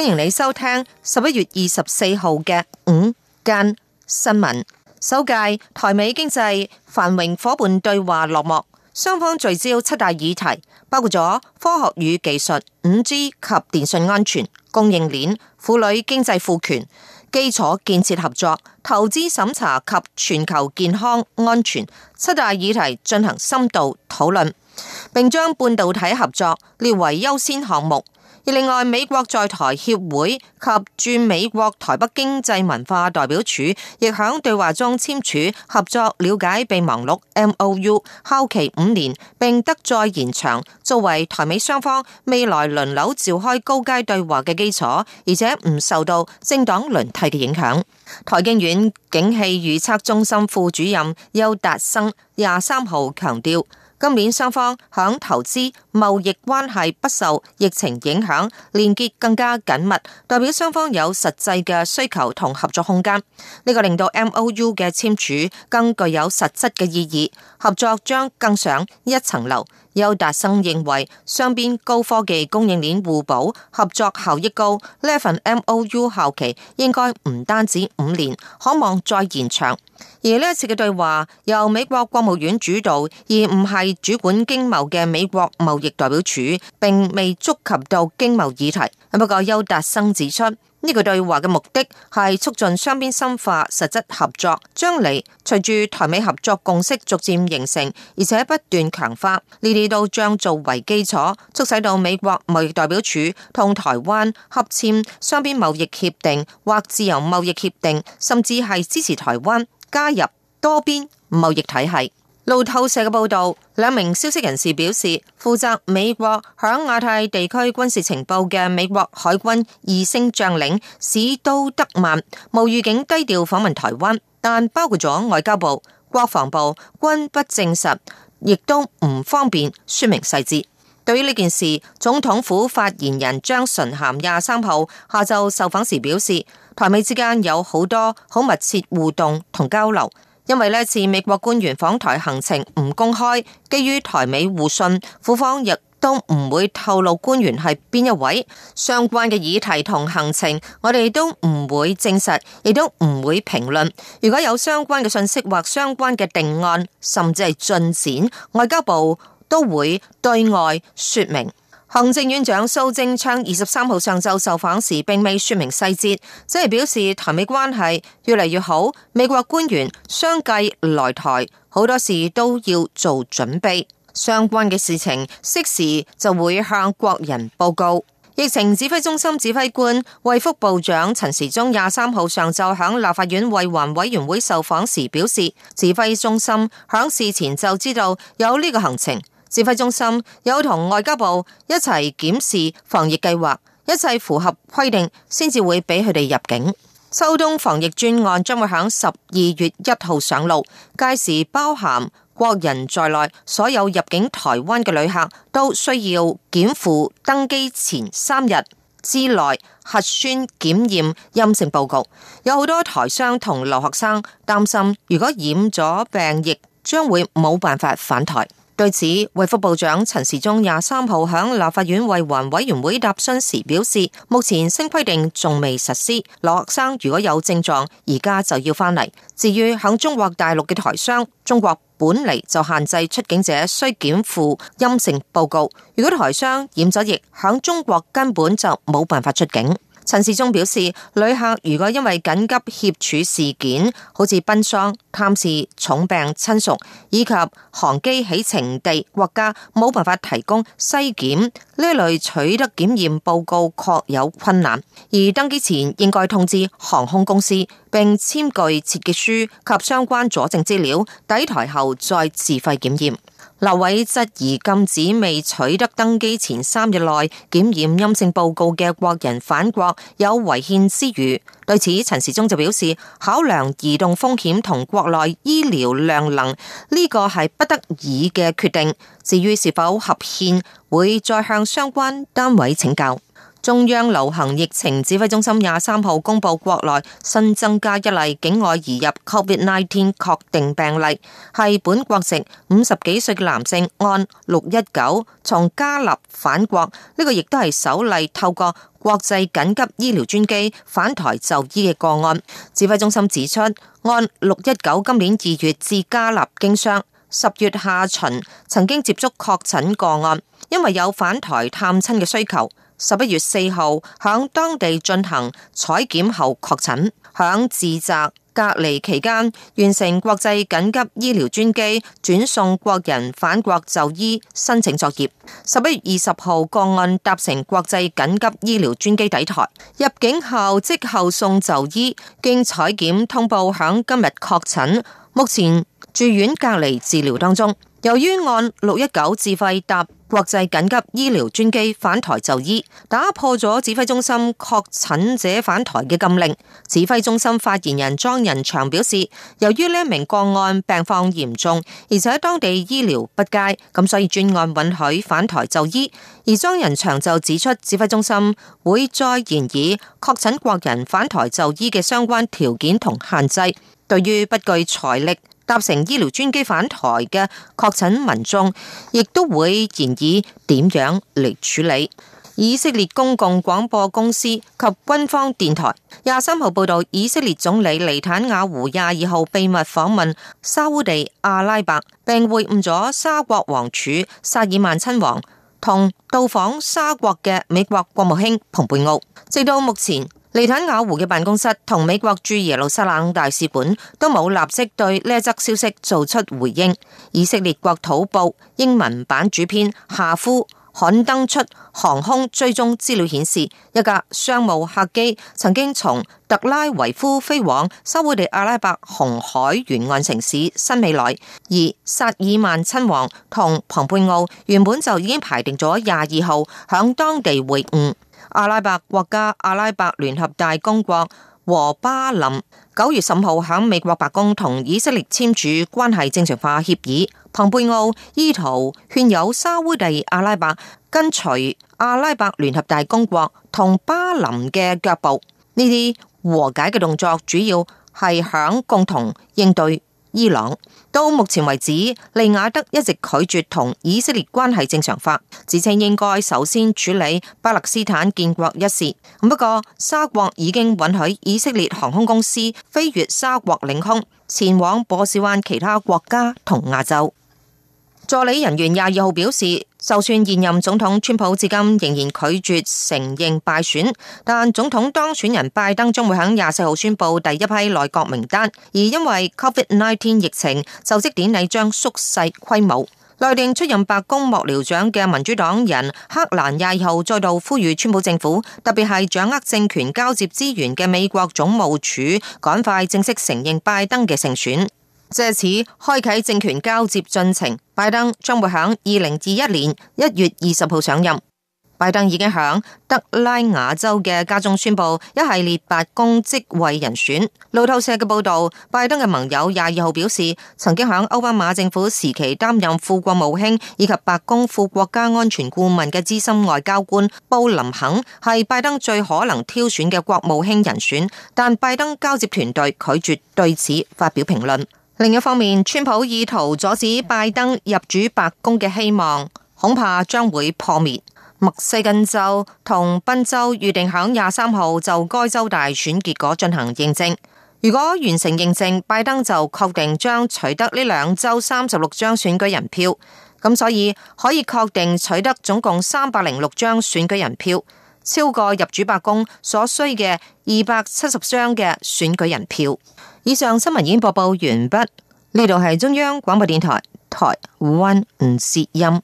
歡迎你收聽十一月二十四號嘅午間新聞。首屆台美經濟繁榮夥伴對話落幕，雙方聚焦七大議題，包括咗科學與技術、5G 及電信安全、供應鏈、婦女經濟賦權、基礎建設合作、投資審查及全球健康安全七大議題進行深度討論，並將半導體合作列為優先項目。而另外，美國在台協會及駐美國台北經濟文化代表處亦喺對話中簽署合作了解備忘錄 （MOU），效期五年並得再延長，作為台美雙方未來輪流召開高階對話嘅基礎，而且唔受到政黨輪替嘅影響。台經院景氣預測中心副主任邱達生廿三號強調。今年雙方響投資貿易關係不受疫情影響，連結更加緊密，代表雙方有實際嘅需求同合作空間。呢、這個令到 MOU 嘅簽署更具有實質嘅意義，合作將更上一層樓。邱達生認為，雙邊高科技供應鏈互補，合作效益高，呢份 MOU 效期應該唔單止五年，可望再延長。而呢次嘅對話由美國國務院主導，而唔係主管經貿嘅美國貿易代表處，並未觸及到經貿議題。不過，邱達生指出，呢個對話嘅目的係促進雙邊深化實質合作將來，將嚟隨住台美合作共識逐漸形成，而且不斷強化，呢啲都將作為基礎，促使到美國貿易代表處同台灣合簽雙邊貿易協定或自由貿易協定，甚至係支持台灣加入多邊貿易體系。路透社嘅報道，兩名消息人士表示，負責美國響亞太地區軍事情報嘅美國海軍二星將領史都德曼無預警低調訪問台灣，但包括咗外交部、國防部均不證實，亦都唔方便說明細節。對於呢件事，總統府發言人張純涵廿三號下晝受訪時表示，台美之間有好多好密切互動同交流。因為呢次美國官員訪台行程唔公開，基於台美互信，府方亦都唔會透露官員係邊一位，相關嘅議題同行程，我哋都唔會證實，亦都唔會評論。如果有相關嘅信息或相關嘅定案，甚至係進展，外交部都會對外說明。行政院長蘇貞昌二十三號上晝受訪時，並未說明細節，即係表示台美關係越嚟越好，美國官員相繼來台，好多事都要做準備，相關嘅事情適時就會向國人報告。疫情指揮中心指揮官衛福部長陳時中廿三號上晝響立法院衛環委員會受訪時表示，指揮中心響事前就知道有呢個行程。指揮中心有同外交部一齊檢視防疫計劃，一切符合規定先至會俾佢哋入境。秋冬防疫專案將會響十二月一號上路，屆時包含國人在內，所有入境台灣嘅旅客都需要檢附登機前三日之內核酸檢驗陰性報告。有好多台商同留學生擔心，如果染咗病疫，將會冇辦法返台。對此，衛福部長陳時中廿三號喺立法院衛環委員會答詢時表示，目前新規定仲未實施，留學生如果有症狀，而家就要返嚟。至於響中國大陸嘅台商，中國本嚟就限制出境者需檢附陰性報告，如果台商染咗疫，響中國根本就冇辦法出境。陳世忠表示，旅客如果因為緊急協處事件，好似奔喪、探視、重病親屬，以及航機起程地國家冇辦法提供西檢呢類取得檢驗報告，確有困難。而登機前應該通知航空公司，並簽具切結書及相關佐證資料，抵台後再自費檢驗。劉偉質疑禁止未取得登機前三日內檢驗陰性報告嘅國人返國有違憲之餘，對此陳時中就表示，考量移動風險同國內醫療量能，呢個係不得已嘅決定。至於是否合憲，會再向相關單位請教。中央流行疫情指揮中心廿三號公布國內新增加一例境外移入 COVID-19 確定病例，係本國籍五十幾歲嘅男性，案六一九從加納返國，呢個亦都係首例透過國際緊急醫療專機返台就醫嘅個案。指揮中心指出，案六一九今年二月至加納經商，十月下旬曾經接觸確診個案，因為有返台探親嘅需求。十一月四號，響當地進行採檢後確診，響自宅隔離期間完成國際緊急醫療專機轉送國人返國就醫申請作業。十一月二十號，個案搭乘國際緊急醫療專機抵台，入境後即後送就醫，經採檢通報響今日確診，目前。住院隔離治療當中，由於按六一九自費搭國際緊急醫療專機返台就醫，打破咗指揮中心確診者返台嘅禁令。指揮中心發言人莊仁祥表示，由於呢一名個案病況嚴重，而且當地醫療不佳，咁所以專案允許返台就醫。而莊仁祥就指出，指揮中心會再研議確診國人返台就醫嘅相關條件同限制。對於不具財力。搭乘醫療專機返台嘅確診民眾，亦都會研議點樣嚟處理。以色列公共廣播公司及軍方電台廿三號報道，以色列總理尼坦雅胡廿二號秘密訪問沙烏地阿拉伯，並會晤咗沙國王儲沙爾曼親王同到訪沙國嘅美國國務卿蓬佩奧。直到目前，利坦雅胡嘅辦公室同美國駐耶路撒冷大使館都冇立即對呢一則消息做出回應。以色列國土報英文版主編夏夫刊登出航空追蹤資料顯示，一架商務客機曾經從特拉維夫飛往沙地阿拉伯紅海沿岸城市新未來。而薩爾曼親王同蓬佩奧原本就已經排定咗廿二號響當地會晤。阿拉伯國家阿拉伯聯合大公國和巴林九月十五號喺美國白宮同以色列簽署關係正常化協議。蓬佩奧意圖勸有沙烏地阿拉伯跟隨阿拉伯聯合大公國同巴林嘅腳步，呢啲和解嘅動作主要係響共同應對。伊朗到目前為止，利雅得一直拒絕同以色列關係正常化，自稱應該首先處理巴勒斯坦建國一事。不過，沙國已經允許以色列航空公司飛越沙國領空，前往波斯灣其他國家同亞洲。助理人員廿二號表示。就算現任總統川普至今仍然拒絕承認敗選，但總統當選人拜登將會喺廿四號宣布第一批內閣名單，而因為 Covid nineteen 疫情，就職典禮將縮細規模。內定出任白宮幕僚長嘅民主黨人克蘭廿二號再度呼籲川普政府，特別係掌握政權交接資源嘅美國總務署，趕快正式承認拜登嘅勝選。借此開啟政權交接進程，拜登將會響二零二一年一月二十號上任。拜登已經響德拉瓦州嘅家中宣布一系列白宮職位人選。路透社嘅報道，拜登嘅盟友廿二號表示，曾經響奧巴馬政府時期擔任副國務卿以及白宮副國家安全顧問嘅資深外交官布林肯係拜登最可能挑選嘅國務卿人選，但拜登交接團隊拒絕對此發表評論。另一方面，川普意圖阻止拜登入主白宮嘅希望，恐怕將會破滅。密西根州同賓州預定響廿三號就該州大選結果進行認證。如果完成認證，拜登就確定將取得呢兩州三十六張選舉人票。咁所以可以確定取得總共三百零六張選舉人票，超過入主白宮所需嘅二百七十張嘅選舉人票。以上新聞已經播報完畢，呢度係中央廣播電台，台 One 音。